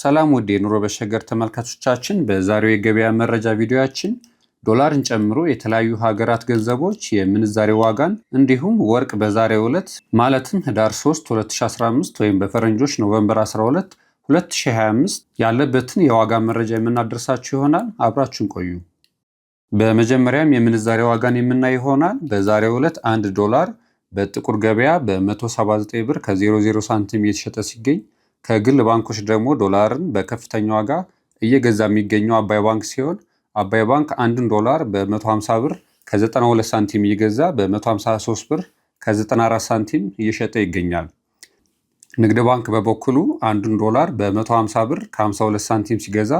ሰላም ውድ የኑሮ በሸገር ተመልካቾቻችን፣ በዛሬው የገበያ መረጃ ቪዲዮያችን ዶላርን ጨምሮ የተለያዩ ሀገራት ገንዘቦች የምንዛሬ ዋጋን እንዲሁም ወርቅ በዛሬው ዕለት ማለትም ህዳር 3 2015 ወይም በፈረንጆች ኖቨምበር 12 2025 ያለበትን የዋጋ መረጃ የምናደርሳችሁ ይሆናል። አብራችን ቆዩ። በመጀመሪያም የምንዛሬ ዋጋን የምናይ ይሆናል። በዛሬው ዕለት አንድ ዶላር በጥቁር ገበያ በ179 ብር ከ00 ሳንቲም እየተሸጠ ሲገኝ ከግል ባንኮች ደግሞ ዶላርን በከፍተኛ ዋጋ እየገዛ የሚገኘው አባይ ባንክ ሲሆን አባይ ባንክ አንድን ዶላር በ150 ብር ከ92 ሳንቲም እየገዛ በ153 ብር ከ94 ሳንቲም እየሸጠ ይገኛል። ንግድ ባንክ በበኩሉ አንዱን ዶላር በ150 ብር ከ52 ሳንቲም ሲገዛ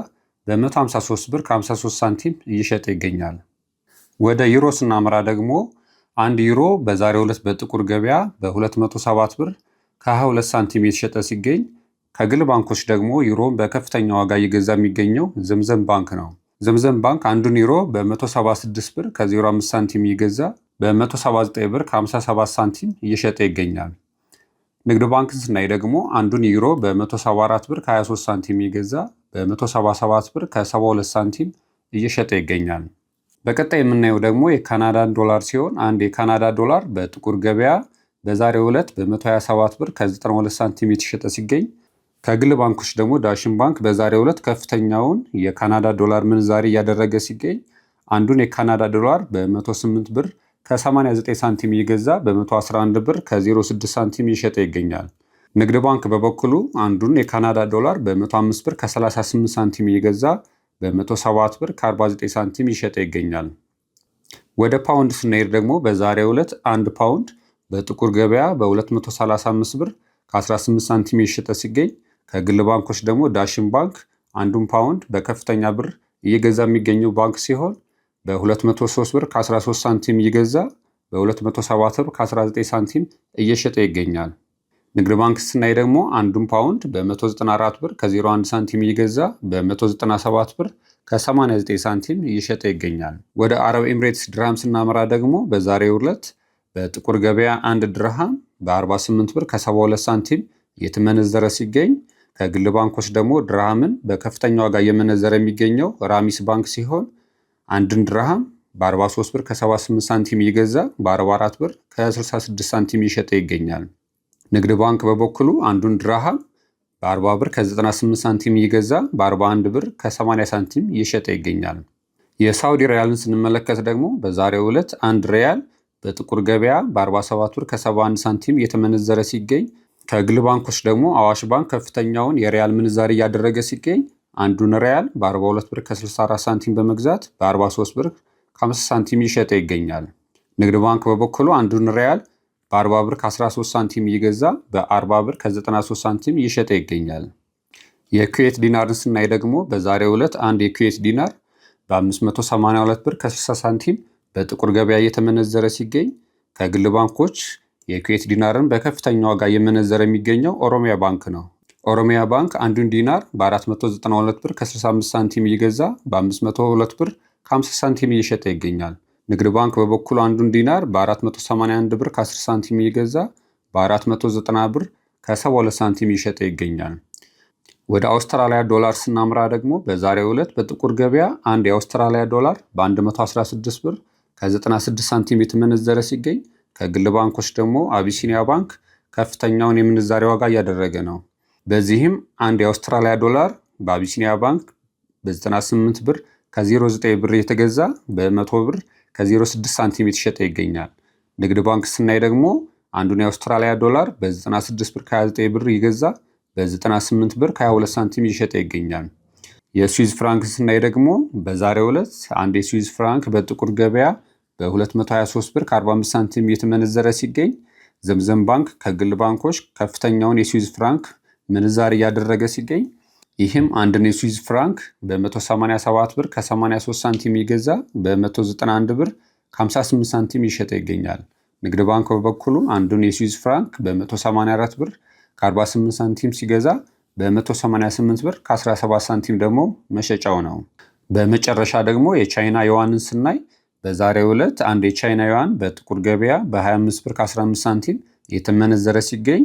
በ153 ብር ከ53 ሳንቲም እየሸጠ ይገኛል። ወደ ዩሮ ስናመራ ደግሞ አንድ ዩሮ በዛሬው ዕለት በጥቁር ገበያ በ207 ብር ከ22 ሳንቲም እየተሸጠ ሲገኝ ከግል ባንኮች ደግሞ ዩሮን በከፍተኛ ዋጋ እየገዛ የሚገኘው ዘምዘም ባንክ ነው። ዘምዘም ባንክ አንዱን ዩሮ በ176 ብር ከ05 ሳንቲም እየገዛ በ179 ብር ከ57 ሳንቲም እየሸጠ ይገኛል። ንግድ ባንክ ስናይ ደግሞ አንዱን ዩሮ በ174 ብር ከ23 ሳንቲም እየገዛ በ177 ብር ከ72 ሳንቲም እየሸጠ ይገኛል። በቀጣይ የምናየው ደግሞ የካናዳን ዶላር ሲሆን አንድ የካናዳ ዶላር በጥቁር ገበያ በዛሬው ዕለት በ127 ብር ከ92 ሳንቲም የተሸጠ ሲገኝ ከግል ባንኮች ደግሞ ዳሽን ባንክ በዛሬው ዕለት ከፍተኛውን የካናዳ ዶላር ምንዛሬ እያደረገ ሲገኝ አንዱን የካናዳ ዶላር በ108 ብር ከ89 ሳንቲም እየገዛ በ111 ብር ከ06 ሳንቲም እየሸጠ ይገኛል። ንግድ ባንክ በበኩሉ አንዱን የካናዳ ዶላር በ105 ብር ከ38 ሳንቲም እየገዛ በ107 ብር ከ49 ሳንቲም ይሸጠ ይገኛል። ወደ ፓውንድ ስንሄድ ደግሞ በዛሬው ዕለት አንድ ፓውንድ በጥቁር ገበያ በ235 ብር ከ18 ሳንቲም እየሸጠ ሲገኝ ከግል ባንኮች ደግሞ ዳሽን ባንክ አንዱን ፓውንድ በከፍተኛ ብር እየገዛ የሚገኘው ባንክ ሲሆን በ203 ብር ከ13 ሳንቲም እየገዛ በ207 ብር ከ19 ሳንቲም እየሸጠ ይገኛል። ንግድ ባንክ ስናይ ደግሞ አንዱን ፓውንድ በ194 ብር ከ01 ሳንቲም እየገዛ በ197 ብር ከ89 ሳንቲም እየሸጠ ይገኛል። ወደ አረብ ኤምሬትስ ድርሃም ስናመራ ደግሞ በዛሬው ዕለት በጥቁር ገበያ አንድ ድርሃም በ48 ብር ከ72 ሳንቲም እየተመነዘረ ሲገኝ ከግል ባንኮች ደግሞ ድርሃምን በከፍተኛ ዋጋ እየመነዘረ የሚገኘው ራሚስ ባንክ ሲሆን አንድን ድርሃም በ43 ብር ከ78 ሳንቲም እየገዛ በ44 ብር ከ66 ሳንቲም እየሸጠ ይገኛል። ንግድ ባንክ በበኩሉ አንዱን ድርሃም በ40 ብር ከ98 ሳንቲም እየገዛ በ41 ብር ከ80 ሳንቲም እየሸጠ ይገኛል። የሳውዲ ሪያልን ስንመለከት ደግሞ በዛሬው ዕለት አንድ ሪያል በጥቁር ገበያ በ47 ብር ከ71 ሳንቲም እየተመነዘረ ሲገኝ ከግል ባንኮች ደግሞ አዋሽ ባንክ ከፍተኛውን የሪያል ምንዛሪ እያደረገ ሲገኝ አንዱን ሪያል በ42 ብር ከ64 ሳንቲም በመግዛት በ43 ብር ከ 5 ሳንቲም ይሸጠ ይገኛል። ንግድ ባንክ በበኩሉ አንዱን ሪያል በ40 ብር ከ13 ሳንቲም እየገዛ በ40 ብር ከ93 ሳንቲም እየሸጠ ይገኛል። የኩዌት ዲናርን ስናይ ደግሞ በዛሬው ዕለት አንድ የኩዌት ዲናር በ582 ብር ከ60 ሳንቲም በጥቁር ገበያ እየተመነዘረ ሲገኝ ከግል ባንኮች የኩዌት ዲናርን በከፍተኛ ዋጋ የመነዘር የሚገኘው ኦሮሚያ ባንክ ነው። ኦሮሚያ ባንክ አንዱን ዲናር በ492 ብር ከ65 ሳንቲም እየገዛ በ502 ብር ከ50 ሳንቲም እየሸጠ ይገኛል። ንግድ ባንክ በበኩሉ አንዱን ዲናር በ481 ብር ከ10 ሳንቲም እየገዛ በ490 ብር ከ72 ሳንቲም እየሸጠ ይገኛል። ወደ አውስትራሊያ ዶላር ስናምራ ደግሞ በዛሬው ዕለት በጥቁር ገበያ አንድ የአውስትራሊያ ዶላር በ116 ብር ከ96 ሳንቲም የተመነዘረ ሲገኝ ከግል ባንኮች ደግሞ አቢሲኒያ ባንክ ከፍተኛውን የምንዛሬ ዋጋ እያደረገ ነው። በዚህም አንድ የአውስትራሊያ ዶላር በአቢሲኒያ ባንክ በ98 ብር ከ09 ብር የተገዛ በ100 ብር ከ06 ሳንቲም የተሸጠ ይገኛል። ንግድ ባንክ ስናይ ደግሞ አንዱን የአውስትራሊያ ዶላር በ96 ብር ከ29 ብር ይገዛ በ98 ብር ከ22 ሳንቲም እየሸጠ ይገኛል። የስዊዝ ፍራንክ ስናይ ደግሞ በዛሬው ዕለት አንድ የስዊዝ ፍራንክ በጥቁር ገበያ በ223 ብር ከ45 ሳንቲም እየተመነዘረ ሲገኝ ዘምዘም ባንክ ከግል ባንኮች ከፍተኛውን የስዊዝ ፍራንክ ምንዛር እያደረገ ሲገኝ ይህም አንድን የስዊዝ ፍራንክ በ187 ብር ከ83 ሳንቲም ይገዛ በ191 ብር ከ58 ሳንቲም ይሸጠ ይገኛል። ንግድ ባንክ በበኩሉ አንዱን የስዊዝ ፍራንክ በ184 ብር ከ48 ሳንቲም ሲገዛ በ188 ብር ከ17 ሳንቲም ደግሞ መሸጫው ነው። በመጨረሻ ደግሞ የቻይና የዋንን ስናይ በዛሬው ዕለት አንድ የቻይና ዩዋን በጥቁር ገበያ በ25 ብር 15 ሳንቲም የተመነዘረ ሲገኝ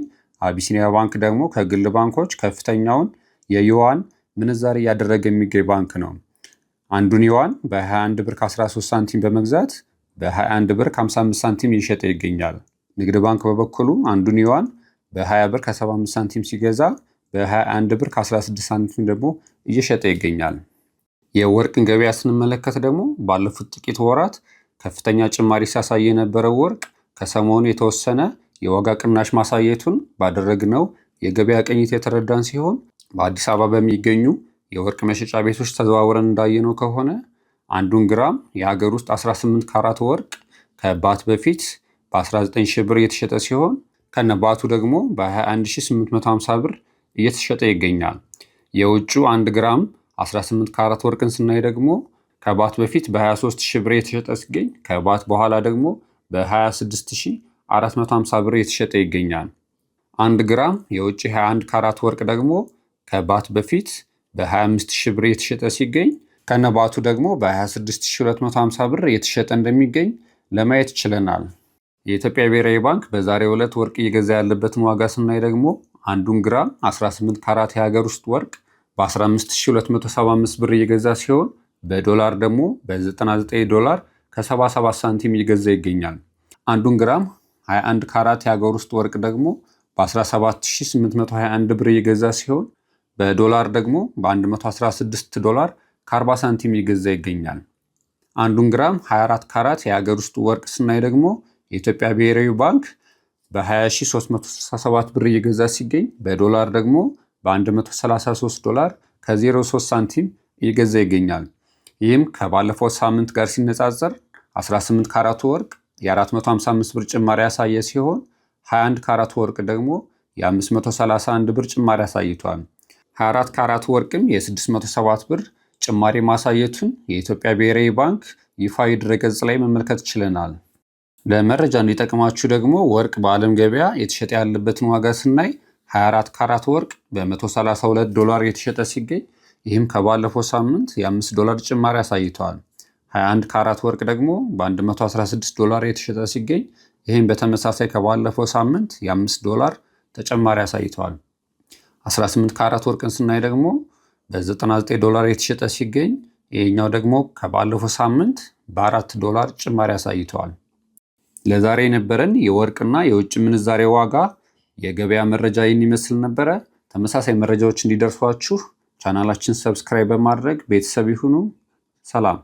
አቢሲኒያ ባንክ ደግሞ ከግል ባንኮች ከፍተኛውን የዩዋን ምንዛሬ እያደረገ የሚገኝ ባንክ ነው። አንዱን ዩዋን በ21 ብር 13 ሳንቲም በመግዛት በ21 ብር 55 ሳንቲም እየሸጠ ይገኛል። ንግድ ባንክ በበኩሉ አንዱን ዩዋን በ20 ብር ከ75 ሳንቲም ሲገዛ በ21 ብር ከ16 ሳንቲም ደግሞ እየሸጠ ይገኛል። የወርቅን ገበያ ስንመለከት ደግሞ ባለፉት ጥቂት ወራት ከፍተኛ ጭማሪ ሲያሳይ የነበረው ወርቅ ከሰሞኑ የተወሰነ የዋጋ ቅናሽ ማሳየቱን ባደረግነው የገበያ ቅኝት የተረዳን ሲሆን በአዲስ አበባ በሚገኙ የወርቅ መሸጫ ቤቶች ተዘዋውረን እንዳየነው ከሆነ አንዱን ግራም የሀገር ውስጥ 18 ካራት ወርቅ ከባት በፊት በ19 ሺህ ብር እየተሸጠ ሲሆን ከነባቱ ደግሞ በ21850 ብር እየተሸጠ ይገኛል። የውጩ አንድ ግራም 18 ካራት ወርቅን ስናይ ደግሞ ከባት በፊት በ23 ሺህ ብር የተሸጠ ሲገኝ ከባት በኋላ ደግሞ በ26450 ብር የተሸጠ ይገኛል። አንድ ግራም የውጭ 21 ካራት ወርቅ ደግሞ ከባት በፊት በ25 ሺህ ብር የተሸጠ ሲገኝ ከነባቱ ደግሞ በ26250 ብር የተሸጠ እንደሚገኝ ለማየት ችለናል። የኢትዮጵያ ብሔራዊ ባንክ በዛሬው ዕለት ወርቅ እየገዛ ያለበትን ዋጋ ስናይ ደግሞ አንዱን ግራም 18 ካራት የሀገር ውስጥ ወርቅ በ15275 ብር እየገዛ ሲሆን በዶላር ደግሞ በ99 ዶላር ከ77 ሳንቲም እየገዛ ይገኛል። አንዱን ግራም 21 ካራት የሀገር ውስጥ ወርቅ ደግሞ በ17821 ብር እየገዛ ሲሆን በዶላር ደግሞ በ116 ዶላር ከ40 ሳንቲም እየገዛ ይገኛል። አንዱን ግራም 24 ካራት የሀገር ውስጥ ወርቅ ስናይ ደግሞ የኢትዮጵያ ብሔራዊ ባንክ በ20367 ብር እየገዛ ሲገኝ በዶላር ደግሞ በ133 ዶላር ከ03 ሳንቲም እየገዛ ይገኛል። ይህም ከባለፈው ሳምንት ጋር ሲነጻጸር 18 ካራቱ ወርቅ የ455 ብር ጭማሪ ያሳየ ሲሆን 21 ካራቱ ወርቅ ደግሞ የ531 ብር ጭማሪ አሳይቷል። 24 ካራቱ ወርቅም የ607 ብር ጭማሪ ማሳየቱን የኢትዮጵያ ብሔራዊ ባንክ ይፋ የድረገጽ ላይ መመልከት ችለናል። ለመረጃ እንዲጠቅማችሁ ደግሞ ወርቅ በዓለም ገበያ የተሸጠ ያለበትን ዋጋ ስናይ 24 ካራት ወርቅ በ132 ዶላር የተሸጠ ሲገኝ ይህም ከባለፈው ሳምንት የ5 ዶላር ጭማሪ አሳይተዋል። 21 ካራት ወርቅ ደግሞ በ116 ዶላር የተሸጠ ሲገኝ ይህም በተመሳሳይ ከባለፈው ሳምንት የ5 ዶላር ተጨማሪ አሳይተዋል። 18 ካራት ወርቅን ስናይ ደግሞ በ99 ዶላር የተሸጠ ሲገኝ ይህኛው ደግሞ ከባለፈው ሳምንት በ4 ዶላር ጭማሪ አሳይተዋል። ለዛሬ የነበረን የወርቅና የውጭ ምንዛሬ ዋጋ የገበያ መረጃ ይህን ይመስል ነበረ። ተመሳሳይ መረጃዎች እንዲደርሷችሁ ቻናላችን ሰብስክራይብ በማድረግ ቤተሰብ ይሁኑ። ሰላም